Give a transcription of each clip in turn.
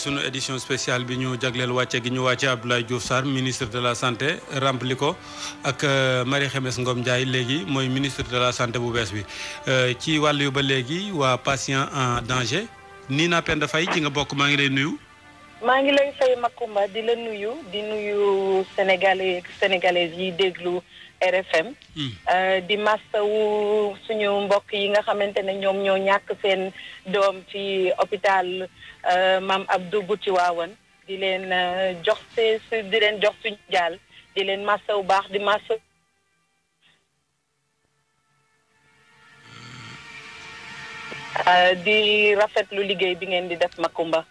sunu édition spéciale bi ñu jagleel wàcce gi ñu wàcce Abdoulaye Diouf Sarr ministre de la santé rempli ko ak euh, Marie Khemesse Ngom Ndiaye léegi mooy ministre de la santé bu bees bi euh, ci wàll yu ba léegi waa patient en danger Nina Penda Faye ci nga bokk maa ngi lay nuyu. maa ngi lay fay Makumba di la nuyu di nuyu sénégalais sénégalaises yi déglu RFM. Hmm. Euh, di mastawu suñu mbokk yi nga xamante ne ñoom ñoo ñàkk seen doom ci hôpital euh, Maam Abdou bu Tiwaawan di leen euh, jox si di leen jox suñu jaal di leen mastawu baax di mastawu. di rafetlu liggéey bi ngeen di def Makumba.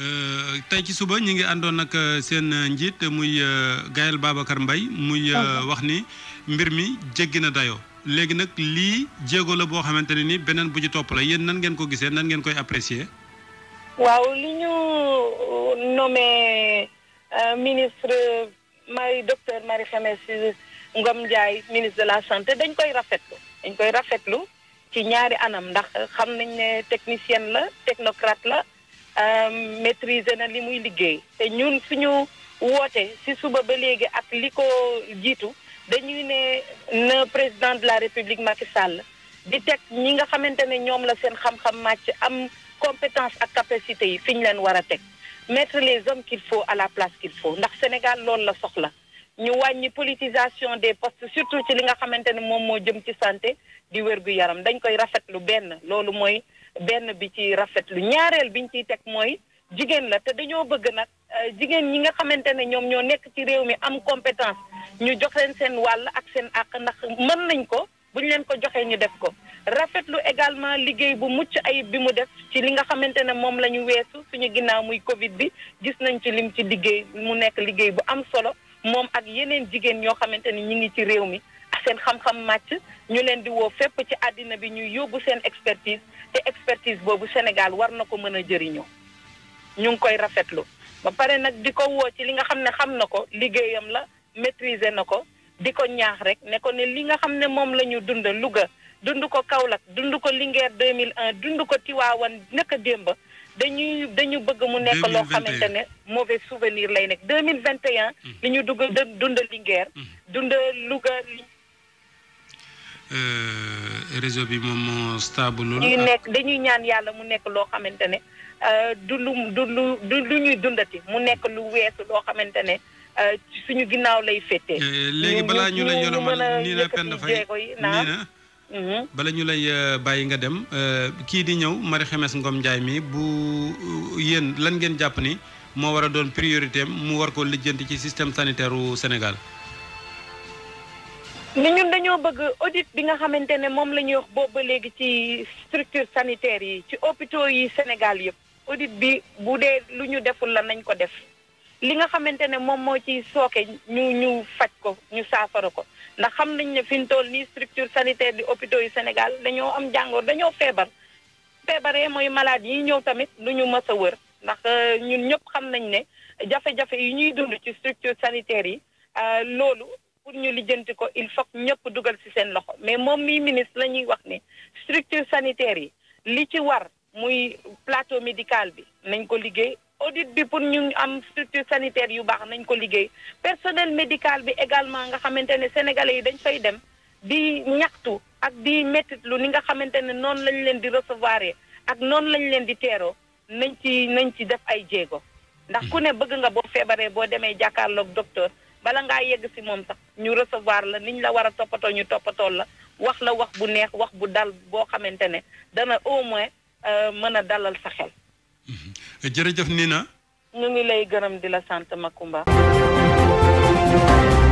Euh, tey ci suba ñu ngi àndoon nag euh, seen euh, njiit muy Gaël Babacar mbay muy wax ni mbir mi jéggi na dayoo léegi nag lii jéego la boo xamante ne ni beneen bu ci topp la yéen nan ngeen ko gisee nan ngeen koy apprécier waaw li ñu nommé ministre Marie docteur Marie Khemesse Ngom Ndiaye ministre de la santé dañ koy rafetlu dañ koy rafetlu ci ñaari anam ndax xam nañ ne technicienne la technocrate la Euh, maitriser na li muy liggéey te ñun suñu woote ci suba ba léegi ak li ko jiitu dañuy ne na président de la république Macky Sall di teg ñi nga xamante ne ñoom la seen xam-xam màcc am compétence ak capacité yi fi ñu leen war a teg mettre les hommes qu'il faut à la place qu'il faut ndax Sénégal loolu la soxla ñu wàññi politisation des postes surtout ci li nga xamante ne moom moo jëm ci santé di wérgu yaram dañ koy rafetlu benn loolu mooy benn bi ci rafetlu ñaareel biñ ciy teg mooy jigéen la te dañoo bëgg nag euh, jigéen ñi nga xamante ne ñoom ñoo nekk ci réew mi am compétence ñu jox leen seen wàll ak seen àq ndax mën nañ ko bu ñu leen ko joxee ñu def ko rafetlu également liggéey bu mucc ayib bi mu def ci li nga xamante ne moom la ñu weesu suñu ginnaaw muy Covid bi gis nañ ci lim ci liggéey mu nekk liggéey bu am solo moom ak yeneen jigéen ñoo xamante ni ñi ngi ci réew mi seen xam-xam màcc ñu leen di woo fépp ci àddina bi ñuy yóbbu seen expertise te expertise boobu Sénégal war na ko mën a jëriñoo ñu ngi koy rafetlu ba pare nag di ko woo ci li nga xam ne xam na ko liggéeyam la maîtriser na ko di ko ñaax rek ne ko ne li nga xam ne moom la ñu dund Louga dund ko Kaolack dund ko deux mille 2001 dund ko Tiwaawan naka démba dañuy dañu bëgg mu nekk loo xamante ne mauvais souvenir lay nekk 2021 mm. li ñu dugg dund Linguère mm. dund Euh, réseau bi moom moo stable. ñuy nekk dañuy ñaan yàlla mu nekk loo xamante ne euh, du lu du lu du ñuy dundati mu nekk lu weesu loo xamante ne euh, suñu ginnaaw lay féetee. léegi balaa ñu lay yoromal nii la pen dafay nii mhm. bala ñu lay bàyyi nga dem. kii di ñëw Marie Xemes Ngom Ndiaye mi bu yéen lan ngeen jàpp ni moo war a doon priorité mu war ko lijjanti ci système sanitaire Sénégal. ni ñun dañoo bëgg audit bi nga xamante ne moom la ñuy wax boobu ba léegi ci structure sanitaire yi ci hôpitaux yi Sénégal yëpp audit bi bu dee lu ñu deful la nañ ko def li nga xamante ne moom moo ci sooke ñu ñu faj ko ñu saafara ko ndax xam nañ ne fi ñu toll nii structure sanitaire di hôpitaux yi Sénégal dañoo am jàngoor dañoo feebar feebaree mooy malaat yi ñëw tamit lu ñu mës a wër ndax euh, ñun ñëpp xam nañ ne jafe-jafe yi ñuy dund ci structure sanitaire yi euh, loolu pour ñu lijjanti ko il faut ñëpp dugal ci seen loxo mais moom mi ministre la ñuy wax ni structure sanitaire yi li ci war muy plateau médical bi nañ ko liggéey audit bi pour ñu am structure sanitaire yu baax nañ ko liggéey personnel médical bi également nga xamante ne sénégalais yi dañ fay dem di ñaxtu ak di mettitlu ni nga xamante ne noonu lañ leen di recevoir ak noonu lañ leen di teeroo nañ ci nañ ci def ay jéego ndax ku ne bëgg nga boo feebaree boo demee jàkkaarloog docteur bala ngaa yegg si moom sax ñu recevoir la niñ la war a toppatoo ñu toppatoo la wax la wax bu neex wax bu dal boo xamante ne dana au moins euh, mën a dalal sa xel. Mm-hmm. jërëjëf na ñu ngi lay gërëm di la sant ma Makumba.